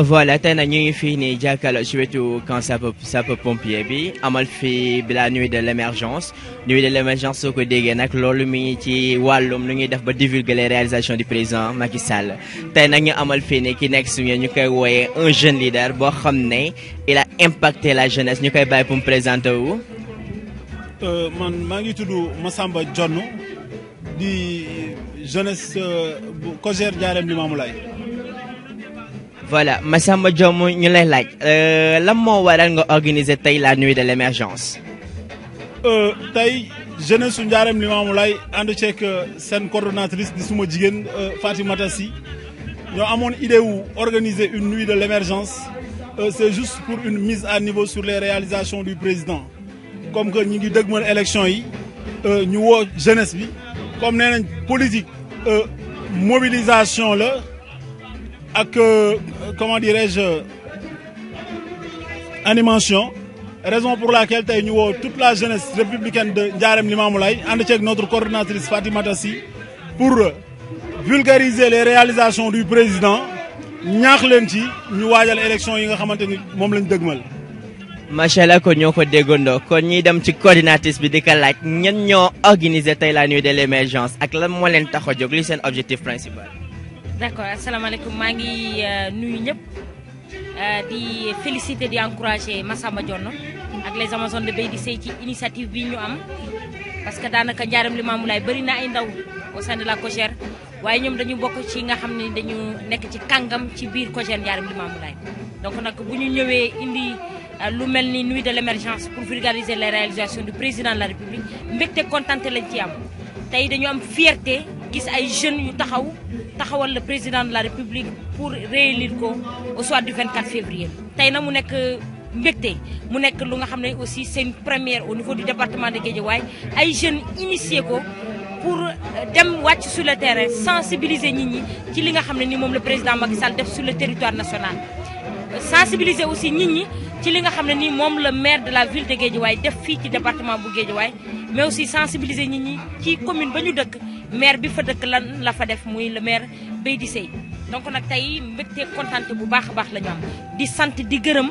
Voilà, tena ñuy fii nii jàkkaarloo surtout quand peut pompier bi amal fii la nuit de l'émergence nuit de l'émergence soo ko déggee nag loolu mi ngi ci walum nu ñuy def ba divulguer les réalisations du président Macky Sall tay nag ñu amal fii nii ki nekk suñu ñu koy un jeune leader bo xamné il a impacté la jeunesse ñu koy bàyyi pour mu présenter wu. Euh, man ma ngi tudd Massamba Dione di jeunesse euh, bu Cogère Ndiarème Limamoulaye voilà Massamba Diom ñu lay laaj euh, lan moo waral nga organiser la nuit de ne suis pas jeunesse su Ndiarème Limamoulaye ànd que euh, seen coordonnatrice de suma jigéen euh, Fatimata Tassi. ñoo amoon idée d'organiser organiser une nuit de l'émergence, c'est juste pour une mise à niveau sur les réalisations du président comme que ñi ngi dëgmal élection yi ñu la jeunesse bi comme nee la politique mobilisation ak euh, comment dirais-je animation euh, raison pour laquelle nous ñu toute la jeunesse républicaine de Ndiarème Limamoulaye en ceeg notre coordinatrice Fatima Tassi, pour euh, vulgariser les réalisations du président ñaax leen ci l'élection de élection yi nga xamante ni moom lañ dëgmal. macha allah kon ko dem ci coordinatrice bi di ko laaj ñoo organiser la nuit de l'émergence ak lan moo leen objectif principal. d'accord asalaamaaleykum maa ngi euh, nuyu ñëpp euh, di féliciter di encourager Massamba Dione ak les Amazones de Bay di Sey ci initiative bi ñu am parce que daanaka njaaram li maamu laay bëri na ay ndaw au sein de la COJER waaye ñoom dañu bokk ci nga xam ne dañu nekk ci kàngam ci biir COJER njaaram li maamu laay donc nag bu ñu ñëwee indi euh, lu mel ni nuit de l'émergence pour vulgariser les réalisations du président de la République mbégte kontaan lañ ci am gis ay jeunes yu taxaw taxawal le président de la république pour réélire ko au soir du 24 février tay na mu nek euh, mbecté mu nek lu nga xamné aussi c'est une première au niveau du département de Guédiawaye ay jeunes initié ko pour euh, dem wacc sur le terrain sensibiliser nit ñi ci li nga xamné le président Macky Sall def sur le territoire national euh, sensibiliser aussi nit ñi ci li nga xamné ni mom le maire de la ville de Guédiawaye def fi ci département bu Guédiawaye mais aussi sensibiliser nit ñi ci commune bañu dëkk maire bi fa dëkk lan la fa def muy le maire Beydi donc nak tay mbégte contenté bu baax baax la ñu am di sant di gërëm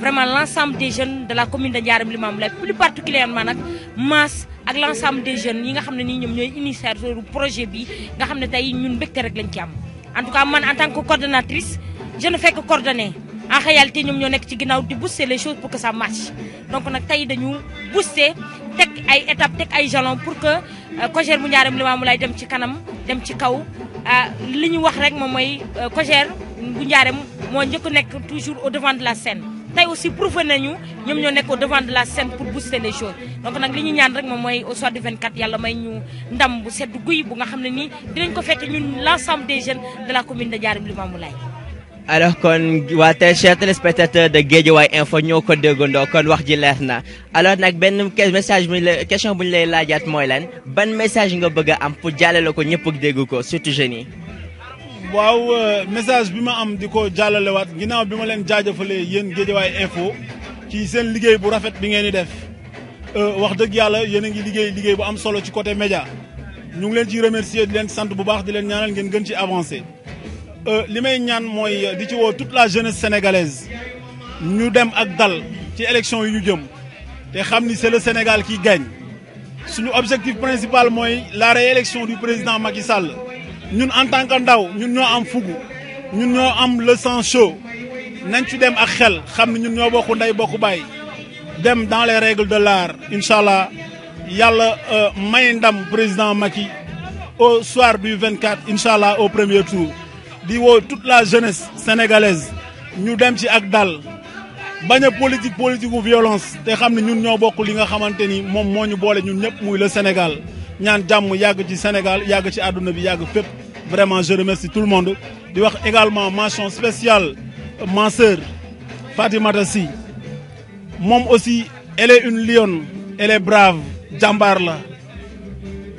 vraiment l'ensemble des jeunes de la commune de Ndiarème Limamoulaye plus particulièrement nak masse ak l'ensemble des jeunes yi nga xam ne nii ñoom ñooy initiateur projet bi nga xamné tay ñun mbégte rek lañ ci am en tout cas man en tant que coordonnatrice je ne fais que coordonner en réalité nous ñoo nekk ci de di booster les choses pour que ça marche donc nag tey dañu booster teg ay étape pour ay jalon pour que euh, COJER bu Ndiarème Limamoulaye dem ci kanam dem ci kaw euh, li ñu wax rek moom mooy euh, COJER bu Ndiarème moo njëkk toujours au devant de la scène avons aussi prouvé que nous ñoo au devant de la scène pour booster les choses donc nag li ñu ñaan rek moom mooy au soir du 24 yàlla may ñu ndam bu sedd guy bu nga xam ne nii dinañ ko fekk ñun l'ensemble des jeunes de la commune de Ndiarème Limamoulaye alors kon waa tey chers téléspectateurs de Guédiawaye info ñoo ko déggandoo kon wax ji leer na alors nag benn message bu ñu la question bu ñu lay laajaat mooy lan ban message nga bëgg a am pour jàllale ko ñëpp dégg ko surtout jeunes yi. waaw euh, message bi ma am di ko jàllalewaat ginnaaw bi ma leen jaajëfalee yéen Guédiawaye info ci seen liggéey bu rafet bi ngeen di def euh, wax dëgg yàlla yéen a ngi liggéey liggéey bu am solo ci côté média ñu ngi leen ciy remercier leen sant bu baax di leen ñaanal ngeen gën ci avancer. Euh, li may ñaan euh, toute la jeunesse sénégalaise nous dem ak dal ci élection yi ñu jëm c'est le Sénégal qui gagne suñu objectif principal c'est la réélection du président Macky Sall ñun en tant que nous ñun en am fugu ñun am le sang chaud nañ ci dem ak xel xam ni ñun ñoo bokku dem dans les règles de l'art inshallah allah yàlla euh, may ndam président Macky au soir du 24 inshallah au premier tour di woo toute la jeunesse sénégalaise ñu dem ci ak dal bañ politique politique ou violence te xam nous ñun ñoo bokk li nga xamante ni moom moo ñun ñëpp muy le Sénégal ñaan jàmm yàgg ci Sénégal yàgg ci àdduna bi vraiment je remercie tout le monde di wax également mention spéciale ma sœur Fatima Tassi. Mom aussi elle est une lionne elle est brave jambarla. la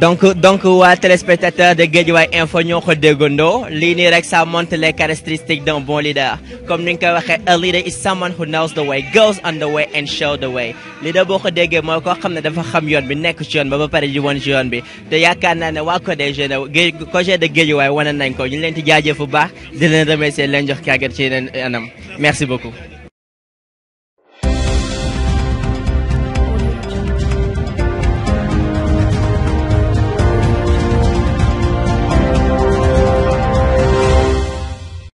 donc donc wa téléspectateur de Guédiawaye info ñoo ko déggandoo lii nii rek ça montre les caractéristiques d'un bon leader comme ni nga ko a leader is someone who knows the way goes on the way and show the way leader boko déggé déggee mooy koo ne dafa xam yoon bi nek ci yoon ba ba paré di woon ci yoon bi te yaakaar naa ne waa code jeune code de Guédiawaye wane nañ ko ñu leen ti jaajëf bu baax di leen remercier leen jox kàggat ci yeneen anam merci beaucoup